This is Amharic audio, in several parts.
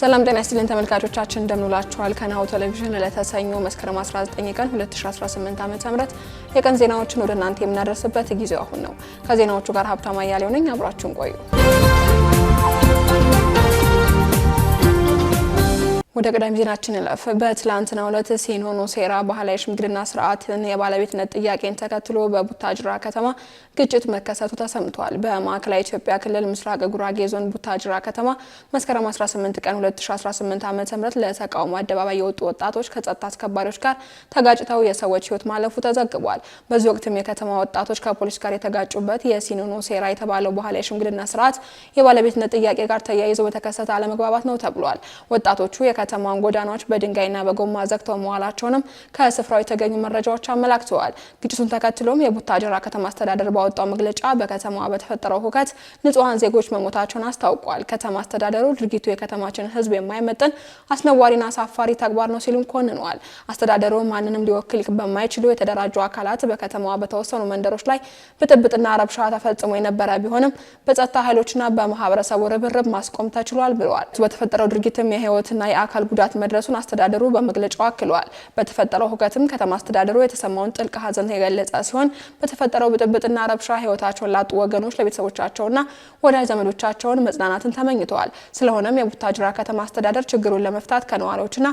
ሰላም ጤና ይስጥልን ተመልካቾቻችን እንደምንላችኋል። ከናሁ ቴሌቪዥን ለተሰኞ መስከረም 19 ቀን 2018 ዓ.ም የቀን ዜናዎችን ወደ እናንተ የምናደርስበት ጊዜው አሁን ነው። ከዜናዎቹ ጋር ሀብታማ እያሌው ነኝ። አብራችሁን ቆዩ። ወደ ቀዳሚ ዜናችን እለፍ። በትላንትናው ዕለት ሲኖኖ ሴራ ባህላዊ ሽምግልና ስርዓትን የባለቤትነት ጥያቄን ተከትሎ በቡታጅራ ከተማ ግጭት መከሰቱ ተሰምቷል። በማዕከላዊ ኢትዮጵያ ክልል ምስራቅ ጉራጌ ዞን ቡታጅራ ከተማ መስከረም 18 ቀን 2018 ዓ ም ለተቃውሞ አደባባይ የወጡ ወጣቶች ከጸጥታ አስከባሪዎች ጋር ተጋጭተው የሰዎች ህይወት ማለፉ ተዘግቧል። በዚህ ወቅትም የከተማ ወጣቶች ከፖሊስ ጋር የተጋጩበት የሲኖኖ ሴራ የተባለው ባህላዊ ሽምግልና ስርዓት የባለቤትነት ጥያቄ ጋር ተያይዘው በተከሰተ አለመግባባት ነው ተብሏል። ወጣቶቹ የከተማዋን ጎዳናዎች በድንጋይና በጎማ ዘግተው መዋላቸውንም ከስፍራው የተገኙ መረጃዎች አመላክተዋል። ግጭቱን ተከትሎም የቡታጀራ ከተማ አስተዳደር ባወጣው መግለጫ በከተማዋ በተፈጠረው ሁከት ንጹሐን ዜጎች መሞታቸውን አስታውቋል። ከተማ አስተዳደሩ ድርጊቱ የከተማችን ሕዝብ የማይመጥን አስነዋሪና አሳፋሪ ተግባር ነው ሲሉም ኮንኗል። አስተዳደሩ ማንንም ሊወክል በማይችሉ የተደራጁ አካላት በከተማዋ በተወሰኑ መንደሮች ላይ ብጥብጥና ረብሻ ተፈጽሞ የነበረ ቢሆንም በጸጥታ ኃይሎችና በማህበረሰቡ ርብርብ ማስቆም ተችሏል ብለዋል። በተፈጠረው ድርጊትም የህይወትና የአካል የአካል ጉዳት መድረሱን አስተዳደሩ በመግለጫው አክሏል። በተፈጠረው ሁከትም ከተማ አስተዳደሩ የተሰማውን ጥልቅ ሐዘን የገለጸ ሲሆን በተፈጠረው ብጥብጥና ረብሻ ህይወታቸውን ላጡ ወገኖች ለቤተሰቦቻቸውና ወዳጅ ዘመዶቻቸውን መጽናናትን ተመኝተዋል። ስለሆነም የቡታጅራ ከተማ አስተዳደር ችግሩን ለመፍታት ከነዋሪዎችና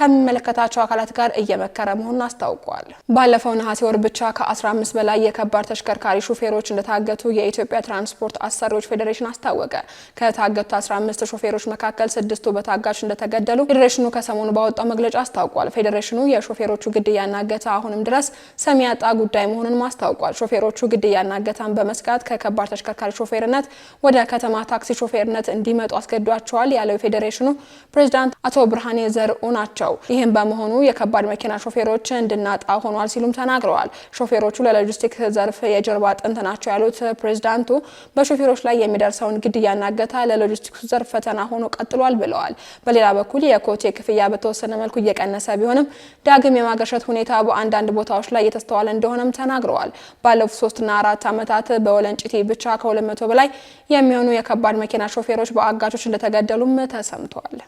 ከሚመለከታቸው አካላት ጋር እየመከረ መሆኑን አስታውቋል። ባለፈው ነሐሴ ወር ብቻ ከ15 በላይ የከባድ ተሽከርካሪ ሹፌሮች እንደታገቱ የኢትዮጵያ ትራንስፖርት አሰሪዎች ፌዴሬሽን አስታወቀ። ከታገቱ 15 ሾፌሮች መካከል ስድስቱ በታጋች እንደተገደሉ ፌዴሬሽኑ ከሰሞኑ ባወጣው መግለጫ አስታውቋል። ፌዴሬሽኑ የሾፌሮቹ ግድያና እገታ አሁንም ድረስ ሰሚ ያጣ ጉዳይ መሆኑን አስታውቋል። ሾፌሮቹ ግድያና እገታን በመስጋት ከከባድ ተሽከርካሪ ሾፌርነት ወደ ከተማ ታክሲ ሾፌርነት እንዲመጡ አስገዷቸዋል ያለው የፌዴሬሽኑ ፕሬዚዳንት አቶ ብርሃኔ ዘርኡ ናቸው። ይህም በመሆኑ የከባድ መኪና ሾፌሮች እንድናጣ ሆኗል ሲሉም ተናግረዋል። ሾፌሮቹ ለሎጂስቲክስ ዘርፍ የጀርባ አጥንት ናቸው ያሉት ፕሬዚዳንቱ በሾፌሮች ላይ የሚደርሰውን ግድያና እገታ ለሎጂስቲክሱ ዘርፍ ፈተና ሆኖ ቀጥሏል ብለዋል። በሌላ በኩል የኮቴ ክፍያ በተወሰነ መልኩ እየቀነሰ ቢሆንም ዳግም የማገርሸት ሁኔታ በአንዳንድ ቦታዎች ላይ እየተስተዋለ እንደሆነም ተናግረዋል። ባለፉት ሶስትና አራት ዓመታት በወለንጭቲ ብቻ ከሁለት መቶ በላይ የሚሆኑ የከባድ መኪና ሾፌሮች በአጋቾች እንደተገደሉም ተሰምቷል።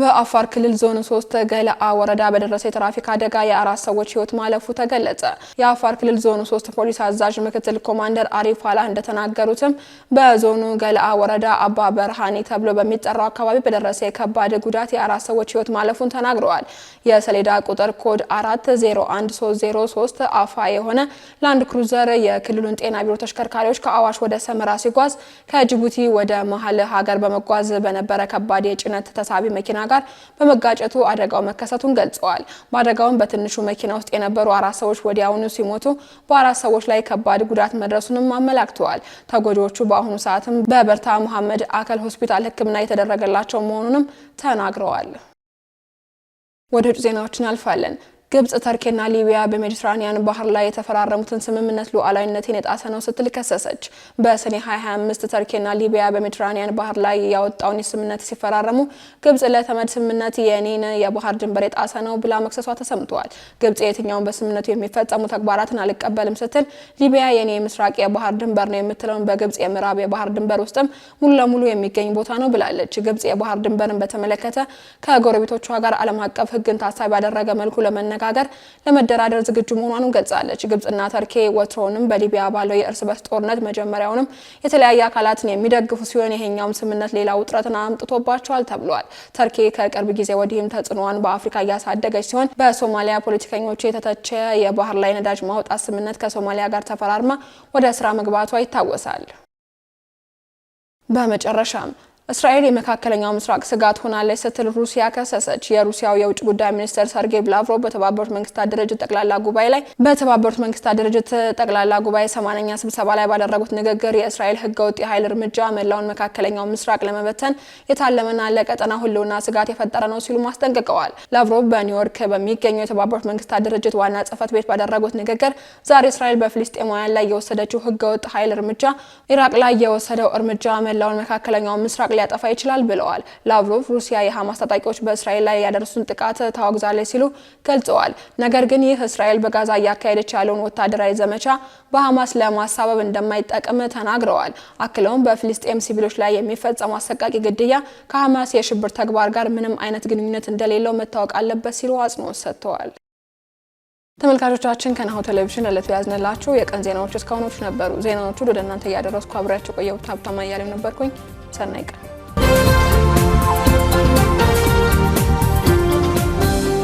በአፋር ክልል ዞን ሶስት ገለአ ወረዳ በደረሰ የትራፊክ አደጋ የአራት ሰዎች ህይወት ማለፉ ተገለጸ። የአፋር ክልል ዞን ሶስት ፖሊስ አዛዥ ምክትል ኮማንደር አሪፍ ኋላ እንደተናገሩትም በዞኑ ገለአ ወረዳ አባ በርሃኒ ተብሎ በሚጠራው አካባቢ በደረሰ የከባድ ጉዳት የአራት ሰዎች ህይወት ማለፉን ተናግረዋል። የሰሌዳ ቁጥር ኮድ 401303 አፋ የሆነ ላንድ ክሩዘር የክልሉን ጤና ቢሮ ተሽከርካሪዎች ከአዋሽ ወደ ሰመራ ሲጓዝ ከጅቡቲ ወደ መሀል ሀገር በመጓዝ በነበረ ከባድ የጭነት ተሳቢ መኪና ጋር በመጋጨቱ አደጋው መከሰቱን ገልጸዋል። በአደጋውም በትንሹ መኪና ውስጥ የነበሩ አራት ሰዎች ወዲያውኑ ሲሞቱ በአራት ሰዎች ላይ ከባድ ጉዳት መድረሱንም አመላክተዋል። ተጎጂዎቹ በአሁኑ ሰዓትም በበርታ መሐመድ አካል ሆስፒታል ሕክምና የተደረገላቸው መሆኑንም ተናግረዋል። ወደ ውጭ ዜናዎች እናልፋለን። ግብጽ ተርኬና ሊቢያ በሜዲትራኒያን ባህር ላይ የተፈራረሙትን ስምምነት ሉዓላዊነትን የጣሰ ነው ስትል ከሰሰች። በሰኔ 25 ተርኬና ሊቢያ በሜዲትራኒያን ባህር ላይ ያወጣውን ስምምነት ሲፈራረሙ ግብጽ ለተመድ ስምምነት የኔን የባህር ድንበር የጣሰ ነው ብላ መክሰሷ ተሰምተዋል። ግብጽ የትኛውን በስምምነቱ የሚፈጸሙ ተግባራትን አልቀበልም ስትል ሊቢያ የኔ የምስራቅ የባህር ድንበር ነው የምትለውን በግብጽ የምዕራብ የባህር ድንበር ውስጥም ሙሉ ለሙሉ የሚገኝ ቦታ ነው ብላለች። ግብጽ የባህር ድንበርን በተመለከተ ከጎረቤቶቿ ጋር ዓለም አቀፍ ሕግን ታሳቢ ባደረገ መልኩ ለመነ ለመነጋገር ለመደራደር ዝግጁ መሆኗንም ገልጻለች። ግብጽና ተርኬ ወትሮውንም በሊቢያ ባለው የእርስ በርስ ጦርነት መጀመሪያውንም የተለያየ አካላትን የሚደግፉ ሲሆን ይሄኛውም ስምምነት ሌላ ውጥረትን አምጥቶባቸዋል ተብሏል። ተርኬ ከቅርብ ጊዜ ወዲህም ተጽዕኖዋን በአፍሪካ እያሳደገች ሲሆን በሶማሊያ ፖለቲከኞች የተተቸ የባህር ላይ ነዳጅ ማውጣት ስምምነት ከሶማሊያ ጋር ተፈራርማ ወደ ስራ መግባቷ ይታወሳል። በመጨረሻም እስራኤል የመካከለኛው ምስራቅ ስጋት ሆናለች ስትል ሩሲያ ከሰሰች። የሩሲያው የውጭ ጉዳይ ሚኒስትር ሰርጌይ ላቭሮቭ በተባበሩት መንግስታት ድርጅት ጠቅላላ ጉባኤ ላይ በተባበሩት መንግስታት ድርጅት ጠቅላላ ጉባኤ ሰማንያኛ ስብሰባ ላይ ባደረጉት ንግግር የእስራኤል ህገወጥ የኃይል እርምጃ መላውን መካከለኛው ምስራቅ ለመበተን የታለመና ለቀጠና ሁሉና ስጋት የፈጠረ ነው ሲሉ አስጠንቅቀዋል። ላቭሮቭ በኒውዮርክ በሚገኘው የተባበሩት መንግስታት ድርጅት ዋና ጽህፈት ቤት ባደረጉት ንግግር ዛሬ እስራኤል በፊልስጤማውያን ላይ የወሰደችው ህገወጥ ኃይል እርምጃ፣ ኢራቅ ላይ የወሰደው እርምጃ መላውን መካከለኛው ምስራቅ ሊያጠፋ ይችላል ብለዋል። ላቭሮቭ ሩሲያ የሐማስ ታጣቂዎች በእስራኤል ላይ ያደረሱን ጥቃት ታወግዛለች ሲሉ ገልጸዋል። ነገር ግን ይህ እስራኤል በጋዛ እያካሄደች ያለውን ወታደራዊ ዘመቻ በሐማስ ለማሳበብ እንደማይጠቅም ተናግረዋል። አክለውም በፊልስጤም ሲቪሎች ላይ የሚፈጸሙ አሰቃቂ ግድያ ከሐማስ የሽብር ተግባር ጋር ምንም አይነት ግንኙነት እንደሌለው መታወቅ አለበት ሲሉ አጽንኦት ሰጥተዋል። ተመልካቾቻችን ከናሁ ቴሌቪዥን ለዕለቱ ያዝንላችሁ የቀን ዜናዎች እስካሁኖች ነበሩ። ዜናዎቹ ወደ እናንተ እያደረስኩ አብሬያቸው ቆየሁት። ሀብታማ እያሌው ነበርኩኝ። ሰናይ ቀን